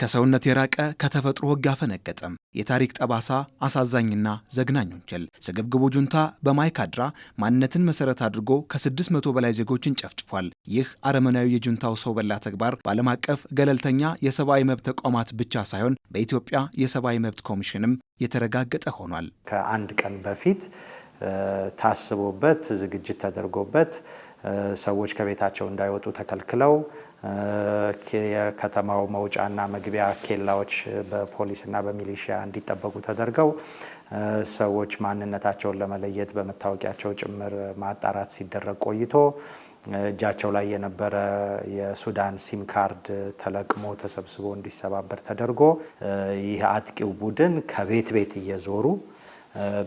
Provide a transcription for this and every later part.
ከሰውነት የራቀ ከተፈጥሮ ሕግ አፈነገጠም የታሪክ ጠባሳ አሳዛኝና ዘግናኝ ወንጀል ስግብግቡ ጁንታ በማይካድራ ማንነትን መሰረት አድርጎ ከ600 በላይ ዜጎችን ጨፍጭፏል። ይህ አረመናዊ የጁንታው ሰው በላ ተግባር በዓለም አቀፍ ገለልተኛ የሰብአዊ መብት ተቋማት ብቻ ሳይሆን በኢትዮጵያ የሰብአዊ መብት ኮሚሽንም የተረጋገጠ ሆኗል። ከአንድ ቀን በፊት ታስቦበት ዝግጅት ተደርጎበት ሰዎች ከቤታቸው እንዳይወጡ ተከልክለው የከተማው መውጫና መግቢያ ኬላዎች በፖሊስና በሚሊሽያ እንዲጠበቁ ተደርገው ሰዎች ማንነታቸውን ለመለየት በመታወቂያቸው ጭምር ማጣራት ሲደረግ ቆይቶ እጃቸው ላይ የነበረ የሱዳን ሲም ካርድ ተለቅሞ ተሰብስቦ እንዲሰባበር ተደርጎ ይህ አጥቂው ቡድን ከቤት ቤት እየዞሩ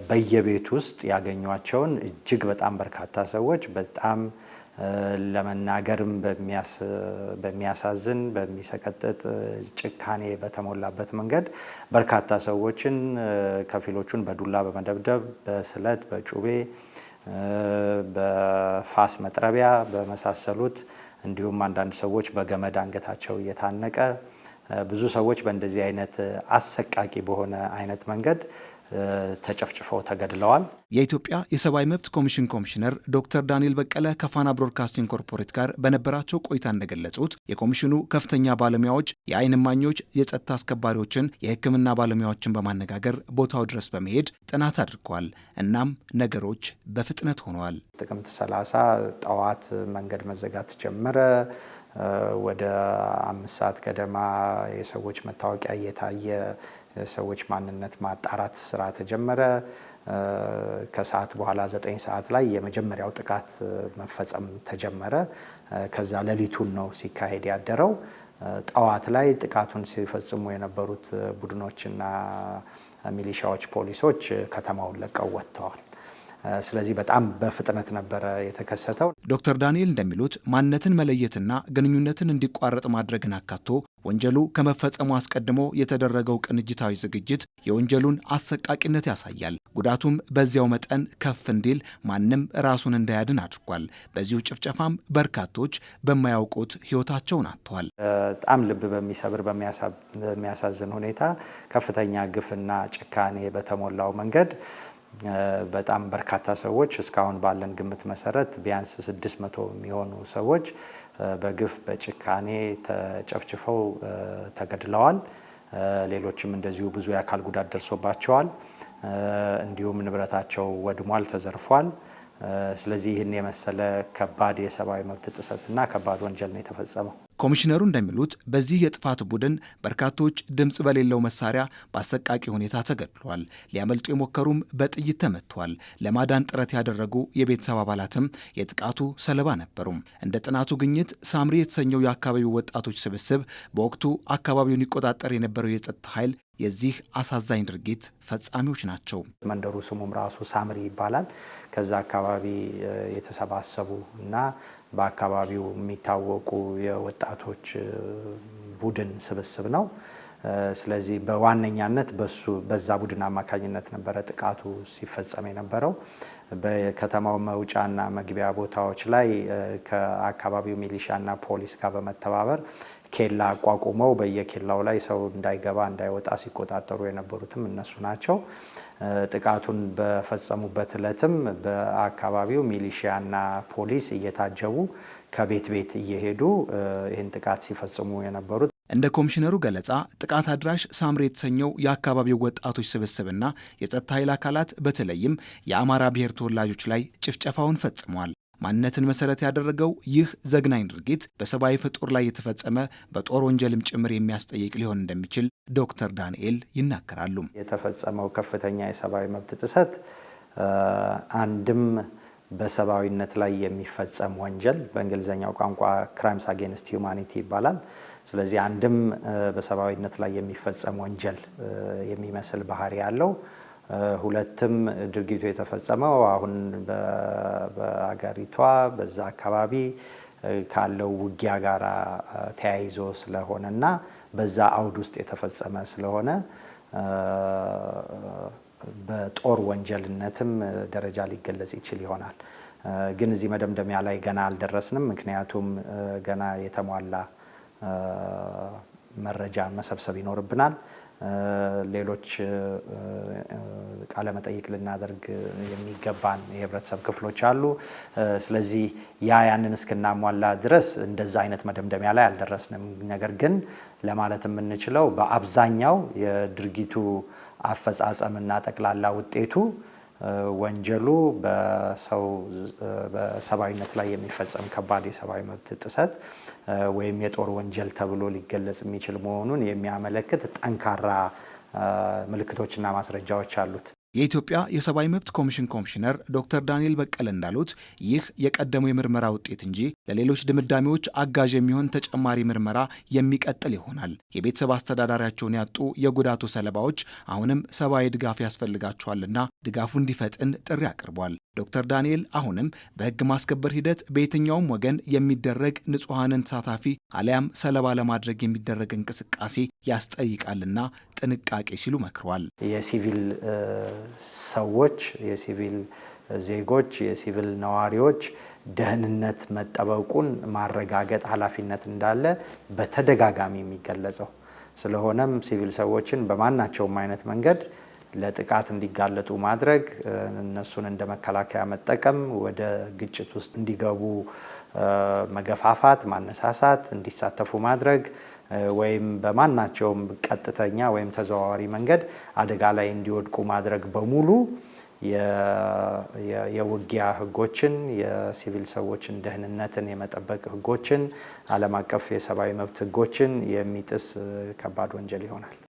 በየቤት ውስጥ ያገኟቸውን እጅግ በጣም በርካታ ሰዎች በጣም ለመናገርም በሚያሳዝን በሚሰቀጥጥ ጭካኔ በተሞላበት መንገድ በርካታ ሰዎችን ከፊሎቹን በዱላ በመደብደብ በስለት፣ በጩቤ፣ በፋስ መጥረቢያ በመሳሰሉት እንዲሁም አንዳንድ ሰዎች በገመድ አንገታቸው እየታነቀ ብዙ ሰዎች በእንደዚህ አይነት አሰቃቂ በሆነ አይነት መንገድ ተጨፍጭፈው ተገድለዋል። የኢትዮጵያ የሰብአዊ መብት ኮሚሽን ኮሚሽነር ዶክተር ዳንኤል በቀለ ከፋና ብሮድካስቲንግ ኮርፖሬት ጋር በነበራቸው ቆይታ እንደገለጹት የኮሚሽኑ ከፍተኛ ባለሙያዎች፣ የአይን እማኞች፣ የጸጥታ አስከባሪዎችን፣ የሕክምና ባለሙያዎችን በማነጋገር ቦታው ድረስ በመሄድ ጥናት አድርገዋል። እናም ነገሮች በፍጥነት ሆነዋል። ጥቅምት 30 ጠዋት መንገድ መዘጋት ጀመረ። ወደ አምስት ሰዓት ገደማ የሰዎች መታወቂያ እየታየ የሰዎች ማንነት ማጣራት ስራ ተጀመረ። ከሰዓት በኋላ ዘጠኝ ሰዓት ላይ የመጀመሪያው ጥቃት መፈጸም ተጀመረ። ከዛ ሌሊቱን ነው ሲካሄድ ያደረው። ጠዋት ላይ ጥቃቱን ሲፈጽሙ የነበሩት ቡድኖችና ሚሊሻዎች፣ ፖሊሶች ከተማውን ለቀው ወጥተዋል። ስለዚህ በጣም በፍጥነት ነበረ የተከሰተው። ዶክተር ዳንኤል እንደሚሉት ማንነትን መለየትና ግንኙነትን እንዲቋረጥ ማድረግን አካቶ ወንጀሉ ከመፈጸሙ አስቀድሞ የተደረገው ቅንጅታዊ ዝግጅት የወንጀሉን አሰቃቂነት ያሳያል። ጉዳቱም በዚያው መጠን ከፍ እንዲል ማንም ራሱን እንዳያድን አድርጓል። በዚሁ ጭፍጨፋም በርካቶች በማያውቁት ሕይወታቸውን አጥተዋል። በጣም ልብ በሚሰብር በሚያሳዝን ሁኔታ ከፍተኛ ግፍና ጭካኔ በተሞላው መንገድ በጣም በርካታ ሰዎች እስካሁን ባለን ግምት መሰረት ቢያንስ 600 መቶ የሚሆኑ ሰዎች በግፍ በጭካኔ ተጨፍጭፈው ተገድለዋል። ሌሎችም እንደዚሁ ብዙ የአካል ጉዳት ደርሶባቸዋል። እንዲሁም ንብረታቸው ወድሟል፣ ተዘርፏል። ስለዚህ ይህን የመሰለ ከባድ የሰብአዊ መብት ጥሰትና ከባድ ወንጀል ነው የተፈጸመው። ኮሚሽነሩ እንደሚሉት በዚህ የጥፋት ቡድን በርካቶች ድምፅ በሌለው መሳሪያ በአሰቃቂ ሁኔታ ተገድሏል። ሊያመልጡ የሞከሩም በጥይት ተመቷል። ለማዳን ጥረት ያደረጉ የቤተሰብ አባላትም የጥቃቱ ሰለባ ነበሩም። እንደ ጥናቱ ግኝት ሳምሪ የተሰኘው የአካባቢው ወጣቶች ስብስብ በወቅቱ አካባቢውን ይቆጣጠር የነበረው የጸጥታ ኃይል የዚህ አሳዛኝ ድርጊት ፈጻሚዎች ናቸው። መንደሩ ስሙም ራሱ ሳምሪ ይባላል። ከዛ አካባቢ የተሰባሰቡ እና በአካባቢው የሚታወቁ የወጣቶች ቡድን ስብስብ ነው። ስለዚህ በዋነኛነት በሱ በዛ ቡድን አማካኝነት ነበረ ጥቃቱ ሲፈጸም የነበረው። በከተማው መውጫና መግቢያ ቦታዎች ላይ ከአካባቢው ሚሊሻና ፖሊስ ጋር በመተባበር ኬላ አቋቁመው በየኬላው ላይ ሰው እንዳይገባ እንዳይወጣ ሲቆጣጠሩ የነበሩትም እነሱ ናቸው። ጥቃቱን በፈጸሙበት እለትም በአካባቢው ሚሊሺያና ፖሊስ እየታጀቡ ከቤት ቤት እየሄዱ ይህን ጥቃት ሲፈጽሙ የነበሩት እንደ ኮሚሽነሩ ገለጻ ጥቃት አድራሽ ሳምሬ የተሰኘው የአካባቢው ወጣቶች ስብስብና የጸጥታ ኃይል አካላት በተለይም የአማራ ብሔር ተወላጆች ላይ ጭፍጨፋውን ፈጽሟል። ማንነትን መሰረት ያደረገው ይህ ዘግናኝ ድርጊት በሰብአዊ ፍጡር ላይ የተፈጸመ በጦር ወንጀልም ጭምር የሚያስጠይቅ ሊሆን እንደሚችል ዶክተር ዳንኤል ይናገራሉ። የተፈጸመው ከፍተኛ የሰብአዊ መብት ጥሰት አንድም በሰብአዊነት ላይ የሚፈጸም ወንጀል በእንግሊዝኛው ቋንቋ ክራይምስ አጌንስት ሂውማኒቲ ይባላል። ስለዚህ አንድም በሰብአዊነት ላይ የሚፈጸም ወንጀል የሚመስል ባህሪ ያለው ሁለትም ድርጊቱ የተፈጸመው አሁን በአገሪቷ በዛ አካባቢ ካለው ውጊያ ጋር ተያይዞ ስለሆነ እና በዛ አውድ ውስጥ የተፈጸመ ስለሆነ በጦር ወንጀልነትም ደረጃ ሊገለጽ ይችል ይሆናል። ግን እዚህ መደምደሚያ ላይ ገና አልደረስንም። ምክንያቱም ገና የተሟላ መረጃ መሰብሰብ ይኖርብናል። ሌሎች ቃለመጠይቅ ልናደርግ የሚገባን የህብረተሰብ ክፍሎች አሉ። ስለዚህ ያ ያንን እስክናሟላ ድረስ እንደዛ አይነት መደምደሚያ ላይ አልደረስንም። ነገር ግን ለማለት የምንችለው በአብዛኛው የድርጊቱ አፈጻጸምና ጠቅላላ ውጤቱ ወንጀሉ በሰው በሰብአዊነት ላይ የሚፈጸም ከባድ የሰብአዊ መብት ጥሰት ወይም የጦር ወንጀል ተብሎ ሊገለጽ የሚችል መሆኑን የሚያመለክት ጠንካራ ምልክቶችና ማስረጃዎች አሉት። የኢትዮጵያ የሰብአዊ መብት ኮሚሽን ኮሚሽነር ዶክተር ዳንኤል በቀለ እንዳሉት ይህ የቀደመው የምርመራ ውጤት እንጂ ለሌሎች ድምዳሜዎች አጋዥ የሚሆን ተጨማሪ ምርመራ የሚቀጥል ይሆናል። የቤተሰብ አስተዳዳሪያቸውን ያጡ የጉዳቱ ሰለባዎች አሁንም ሰብአዊ ድጋፍ ያስፈልጋቸዋልና ድጋፉ እንዲፈጥን ጥሪ አቅርቧል። ዶክተር ዳንኤል አሁንም በሕግ ማስከበር ሂደት በየትኛውም ወገን የሚደረግ ንጹሐንን ተሳታፊ አሊያም ሰለባ ለማድረግ የሚደረግ እንቅስቃሴ ያስጠይቃልና ጥንቃቄ ሲሉ መክረዋል። የሲቪል ሰዎች የሲቪል ዜጎች የሲቪል ነዋሪዎች ደህንነት መጠበቁን ማረጋገጥ ኃላፊነት እንዳለ በተደጋጋሚ የሚገለጸው ስለሆነም ሲቪል ሰዎችን በማናቸውም አይነት መንገድ ለጥቃት እንዲጋለጡ ማድረግ እነሱን እንደ መከላከያ መጠቀም፣ ወደ ግጭት ውስጥ እንዲገቡ መገፋፋት፣ ማነሳሳት፣ እንዲሳተፉ ማድረግ ወይም በማናቸውም ቀጥተኛ ወይም ተዘዋዋሪ መንገድ አደጋ ላይ እንዲወድቁ ማድረግ በሙሉ የውጊያ ህጎችን የሲቪል ሰዎችን ደህንነትን የመጠበቅ ህጎችን ዓለም አቀፍ የሰብአዊ መብት ህጎችን የሚጥስ ከባድ ወንጀል ይሆናል።